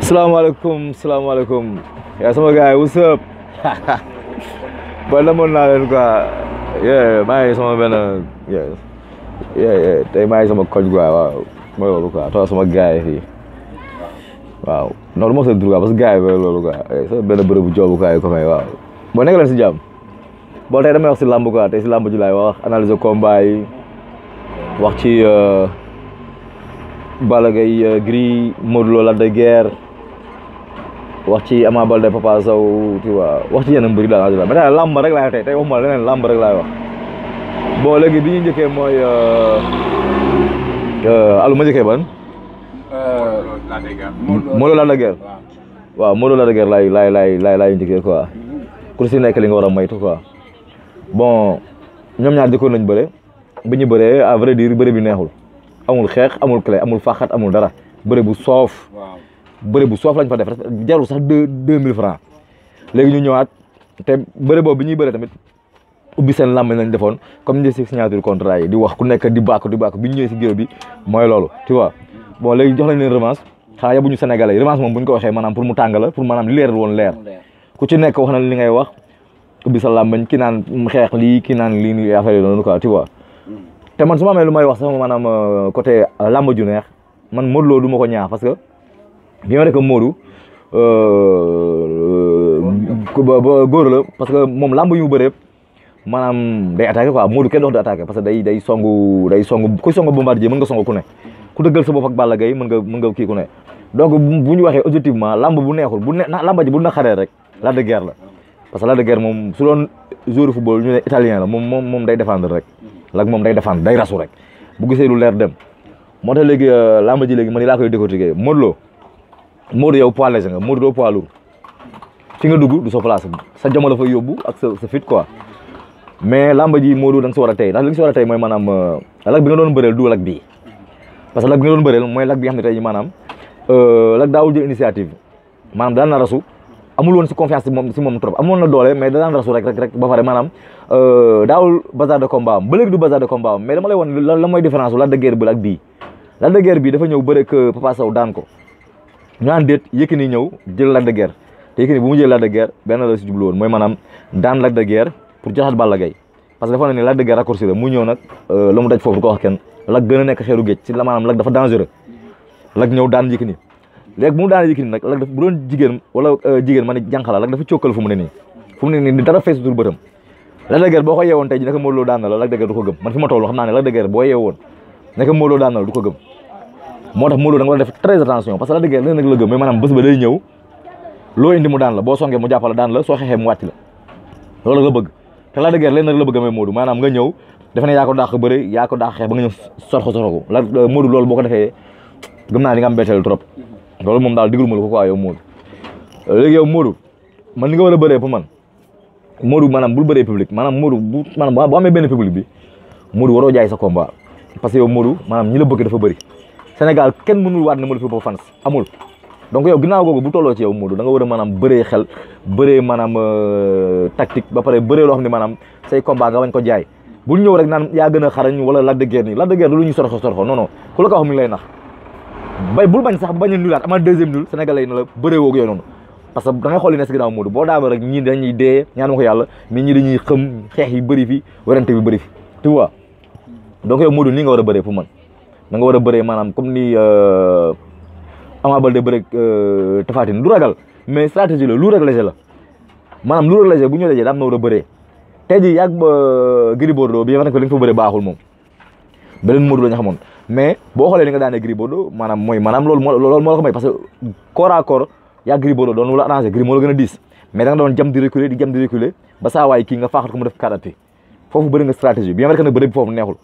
salaamaaleykum salaamaaleykum yaa sama gars yi what's up ba namoon naa leen quoi maa ngi sama benn maa ngi sama koñ quoi waaw mooy loolu quoi toog sama gars yi fii waaw non du ma seen tur quoi parce loolu quoi eh, sama benn bërëbu joobu quoi yi ko waaw boo nekk leen si jàmm bon tey damay wax si làmb quoi tey si làmb ji laay wax analyser combat yi wax ci euh, Balla Gaye euh, Gris Modou la Lac de Guiers wax ci Ama Baldé Papa Sow tu vois wax ci yenn mbir daal en làmb rek laay tey tey waxuma leneen làmb rek laay wax bon léegi bi ñu njëkkee mooy euh, euh, alu ma njëkkee ban. Modou Lo Lac de Guiers waaw Modou Lo Lac de Guiers laay laay laay laay laay njëkkee quoi si nekk li nga war a moytu quoi bon ñoom ñaar jëkkoon nañ bëre bi ñu bëre a vrai dire bëre bi neexul. amul xex amul clé amul fakhat amul dara béré bu sof béré bu sof lañ fa def jarul sax 2000 francs légui ñu ñëwaat té béré bobu bi béré tamit ubbi sen lamb lañ defoon comme ñi si signature contrat yi di wax ku nekk di bak di bak bi ñëw ci si bi moy lolu tu vois bon légui jox lañ leen revanche xanaa yabuñu sénégalais yi revanche moom bu ko waxé manam pour mu tangala pour manam lér won lér ku ci nekk wax na li ngay wax ubbi sa lamb ki naan xex li ki naan li nii affaire yi quoi tu vois te man su ma amee lu may wax sama maanaam euh, côté euh, làmb ju neex man Modou duma ko ñaax parce que bien vrai que Modou euh, góor la parce que moom làmb yu mu bëree maanaam day attaqué quoi Modou kenn dox di attaqué parce que day day songu day songu ku songu bombardier mën nga songu ku ne ku dëggal sa bopp ak Balla Gaye mën nga mën nga kii ku ne donc bu ñu waxee objectivement làmb bu neexul bu ne làmb ji bu na xaree rek Lac de Guiers la parce que Lac de Guiers moom su doon joueur football ñu ne la moom moom moom day défendre rek lak moom day défendre day rasu rek bu gisee lu leer dem moo tax léegi euh, làmb ji léegi man laa koy décortiquer Modou Lo Modou yow poids léger nga Modou doo poids lourd fi nga dugg du sa place sa jom la fa yóbbu ak sa sa fit quoi mais làmb ji Modou da nga si war a tey ndax li nga si war a tey mooy maanaam euh, lak bi nga doon bëreel du lak bii parce que lak bi nga doon bëreel mooy lak bi nga xam ne tey maanaam euh, lak daawul jël initiative maanaam daan na rasu amul woon si confiance si moom si moom trop amoon na doole mais da daan rasu rek rek rek ba pare maanaam euh, daawul bazar de combat ba léegi du bazar de combat am mais dama lay woon la la mooy différence wu Lac de bi dafa ñëw bëre ak euh, Papa Sow daan ñëw jël Lac de Guiers te mu jël Lac de Guiers benn woon mooy maanaam daan Lac de Guiers pour joxaat Balla Gaye parce que dafa ne ni Lac de ñëw nag euh, la mu daj ko wax kenn Lac gën nekk xeeru géej si la maanaam Lac dafa dangereux Lac ñëw daan Yékini léegi mu daanee Yékini nag doon jigéen wala euh, jigéen ma ne jànq dafa cókkal fu mu ne nii fu daan la Lac de du ko gëm moo tax Modou Lô a def très attention parce que Lac de Guiers leneen nag la gëm mais maanaam mu daan la boo songee mu jàppale daan la soo xeexee mu wàcc la loolu la bëgg maanaam nga ñëw defe ne yaa ko dàq bëre yaa ko ba nga ñëw sorxo sorxo la Modou loolu boo ko defee gëm naa di nga am trop loolu moom daal diglu ma la ko quoi yow Modou léegi yow Modou man ni nga war a bëree pour man Modou maanaam bul bëree public maanaam Modou bu maanaam boo amee benn public bi Modou waroo jaay sa combat parce que yow Modou maanaam ñi la bëgg dafa bëri Sénégal kenn mënul waat ne Modou fi bopp fans amul donc yow ginnaaw googu bu tolloo ci yow Modou da nga war a maanaam bëree xel bëree maanaam euh, tactique ba pare bëree loo xam ne maanaam say combat nga bañ ko jaay bul ñëw rek naan yaa gën a wala Lac de Guiers nii Lac lu ñu sorxo sorxo non non ku lay nax bay bul bañ sax bañ a nulaat amal deuxième nul Sénégalais yi ne la bëree woog yooyu noonu parce que da ngay xool li nekk si ginnaaw Modou boo daama rek ñii dañuy dee ñaan ma ko yàlla mais ñii dañuy xëm xeex yi bëri fi werante bi bëri fi tu donc yow Modou nii nga war a bëree pour man da war a bëree maanaam comme ni euh, Ama Baldé bëree euh, Tapha Tine lu ragal mais stratégie la lu réglé la maanaam lu réglé bu ñu dajee daam na war a bëree te jii yàgg ba euh, Gris Bordeaux bi yéen a ko li nga fa baaxul moom beneen Modou Lo ñu xamoon mais boo xoolee li nga daanee Gris Bordeaux mooy maanaam loolu moo loolu parce que corps à corps yaa Gris doon wala arrangé Gris moo la diis mais nga doon jam di reculer ba saa waay nga faaxat ko mu def karaté foofu bëri nga stratégie bien vrai que nag neexul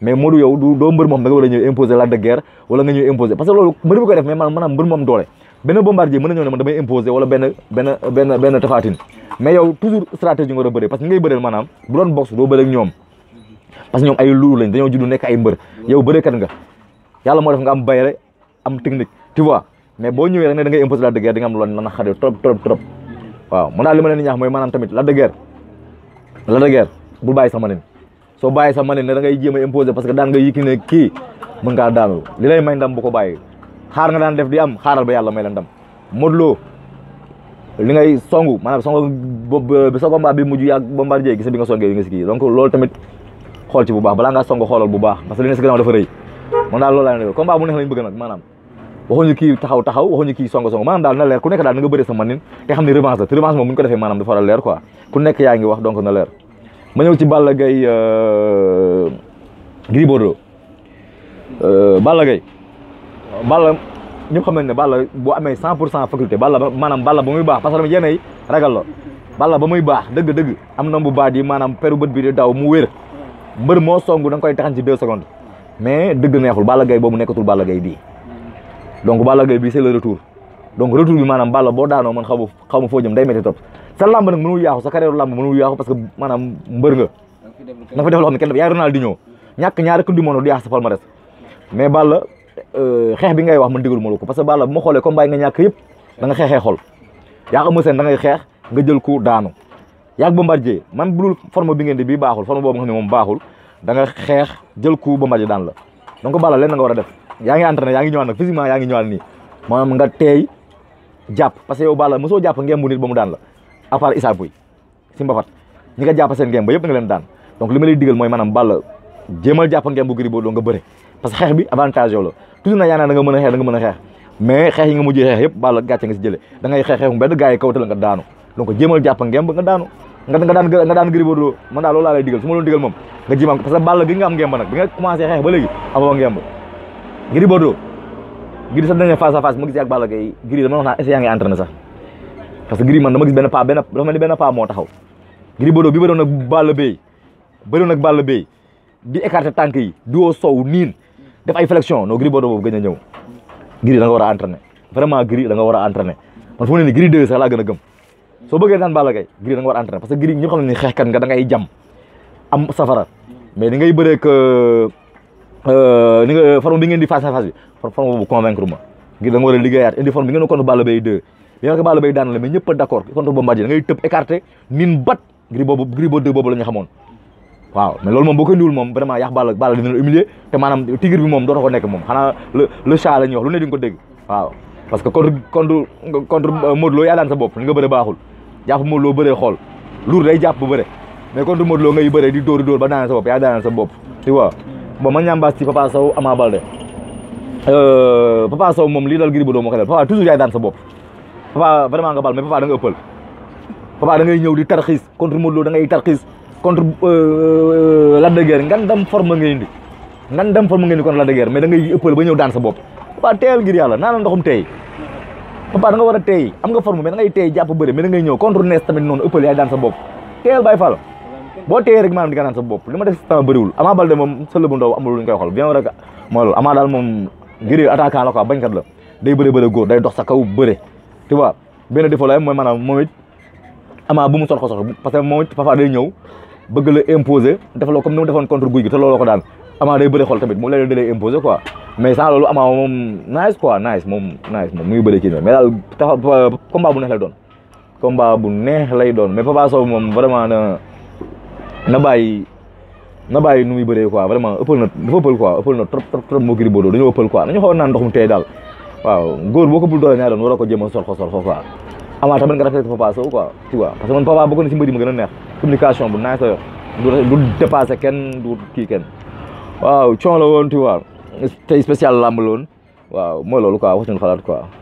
mais Modou yow doo mbër moo xam war a ñëw imposer la de guerre wala nga ñëw imposer parce que loolu mbër bi koy def mais maanaam mbër moom doole benn bombardier na ñëw ne man damay imposer wala parce ñom ay luur lañ dañu jiddu nek ay mbeur yow kat nga yalla mo def nga am bayre am technique tu vois mais bo ñëwee rek ne da ngay imposer la de guerre di nga am loolu la naqari trop trop trop waaw mo dal li ma leen di ñaax tamit la de guerre la de guerre bul bay sa manin soo bàyyi sa manin da ngay jéem imposer parce que daan nga yiki ne ki mën nga daanu li lay may ndam bu ko bàyyi xaar nga daan def di am xaaral ba yalla may la ndam modlo li ngay songu manam songu bi sa combat bi muju yak bombardier gis bi nga songé nga si donc loolu tamit xool ci bu baax balaa ngaa songo xoolal bu baax parce que li si gannaaw dafa rëy man daal loolu laa leen combat bu neex lañ bëgg nag maanaam waxuñu kii taxaw taxaw waxuñu kii songo songo maanaam daal na leer ku nekk daal na nga bëree sa manin te xam ne revanche la te revanche moom bu ñu ko defee maanaam dafa war a leer quoi ku nekk euh, euh, xam ne Balla boo amee cent pour cent faculté Balla maanaam Balla ba muy baax parce que yenn yi ragal la Balla ba muy baax dëgg-dëgg am na bu baax yi maanaam peru bët bi di daw mu wér mbeur mo songu dang koy taxan ci 2 secondes mais deug neexul Balla gay bobu nekatul Balla gay bi donc Balla gay bi c'est le retour donc retour bi manam Balla bo daano man xamu xamu fo jëm day metti top sa lamb nak mënu yaaxu sa carrière lamb mënu yaaxu parce que manam mbeur nga da fa def lo xam ne kenn yaay Ronaldinho ñak ñaar ak du mono du yaax sa palmarès mais Balla euh, xex bi ngay wax man digalu mo lako parce que Balla bu ma xoolee combat yi nga ñak yépp da nga xexé xol ya Eumeu Sène da ngay xex nga jël ku daanu yaag Bombardier man bu dul forme bi ngeen di bii baaxul forme boobu nga xam ne moom baaxul da nga xeex jël coup Bombardier daan la donc Balla leen na nga war a def yaa ngi entraîné yaa ngi ñëwaat nag physiquement yaa ngi ñëwaat nii maanaam nga teey jàpp parce que yow Balla mosoo jàpp ngemb bu nit ba mu daan la à part Issa Pouye si mbafat ñi nga jàpp seen ngemb ba yëpp nga leen daan donc li ma lay digal mooy maanaam Balla jéemal jàpp ngemb bu Gris Bordeaux nga bëre parce que xeex bi avantage na yaa naa a xeex da nga mën a donc jéemal jàpp ngemb nga daanu nga nga daan nga daan Gris Bordeaux man daal loolu laa lay digal su ma digal moom nga jéem parce que Balla gi nga am ngemb nag bi nga commencé xeex ba léegi amoo ngemb Gris Bordeaux Gris sax dañu face à face ma gis ak Balla Gaye Gris dama wax naa essayé ngay entraîné sax parce que Gris man dama gis benn pas benn dafa mel ni benn pas moo taxaw Gris Bordeaux bi bëroon nag Balla Gaye bëroon nag Balla Gaye di écarté tànk yi di woo sow niin def flexion non Gris Bordeaux boobu gën a ñëw Gris da nga war a entraîné a entraîné man fu mu ne nii Gris 2 sax a gëm so bëggee naan Balla Gaye Gris da nga war entraîner parce que Gris ñu xam ne kan nga da ngay jam am safara mais ni ngay bëree que euh, ni nga forme bi ngeen di face à face bi forme boobu convaincre ma Gris da nga war a liggéeyaat indi forme bi ngeen contre Balla Gaye 2 nga ko Balla bay daan la mais ñëpp a d'accord contre Bombardier da ngay tëb écarté nin bat Gris boobu Gris boo 2 boobu la ñu xamoon waaw mais loolu moom boo ko ndiwul moom vraiment yàq Balla Balla dina la humilier te maanaam tigir bi moom dootoo ko nekk moom xanaa le le chat la ñuy wax lu ne di nga ko dégg waaw parce que contre contre contre euh, sa bopp li nga bëri baaxul jàpp mo Lo beure xol lour day jàpp beure mais kon du Modou ngay beure di dor-dor, ba dana sa bop ya dana sa bop tu vois bon ma ñambaas ci Papa saw Ama euh Papa saw mom li dal Gris do mo xel Papa toujours ya dana sa bop Papa vraiment nga bal mais Papa da nga eppal Papa da ngay ñew di tarxis contre Modou Lo da ngay tarxis contre euh, euh, la de guerre ngan dem forme ngay indi ngan dem forme ngay indi contre la de guerre mais da ngay eppal ba ñew dana sa bop Papa teel gir yalla ndoxum tey papa da a war a teey am nga forme mais da ngay teey jàpp bëri mais da ngay ñëw contre nees tamit noonu ëppal yaay daan sa bopp teel Baye Fall boo teeyee rek maanaam di nga daan sa bopp li ma def sama bëriwul Ama a moom sël bu ndaw amul lu ñu koy xool bien rek mooy la day bëri bëri góor day dox sa kaw bëri tu vois benn défaut la mooy maanaam moom it Ama bu mu soxla soxla parce que moom it parfois day ñëw bëgg la imposer defaloo comme ni mu defoon contre guy gi te looloo ko daan Ama day bëre xol tamit moom la dalee imposé quoi mais sans loolu Ama moom nice quoi nice moom daal taxaw combat bu neex lay doon combat bu neex lay doon mais Papa Sow moom vraiment na na bàyyi na bàyyi nu muy bëree quoi vraiment ëppal na dafa ëppal quoi na trop trop trop moo ko bul doole ñaari doon waroo ko jéem ko ko quoi tamit nga respecté Papa Sow quoi tu que man Papa bokk na si mbir yi gën a neex communication bu nice la yor du dépassé kenn du kii kenn waaw con la woon tu vois tey spécial làmb la woon waaw mooy loolu quoi wax suñu xalaat quoi.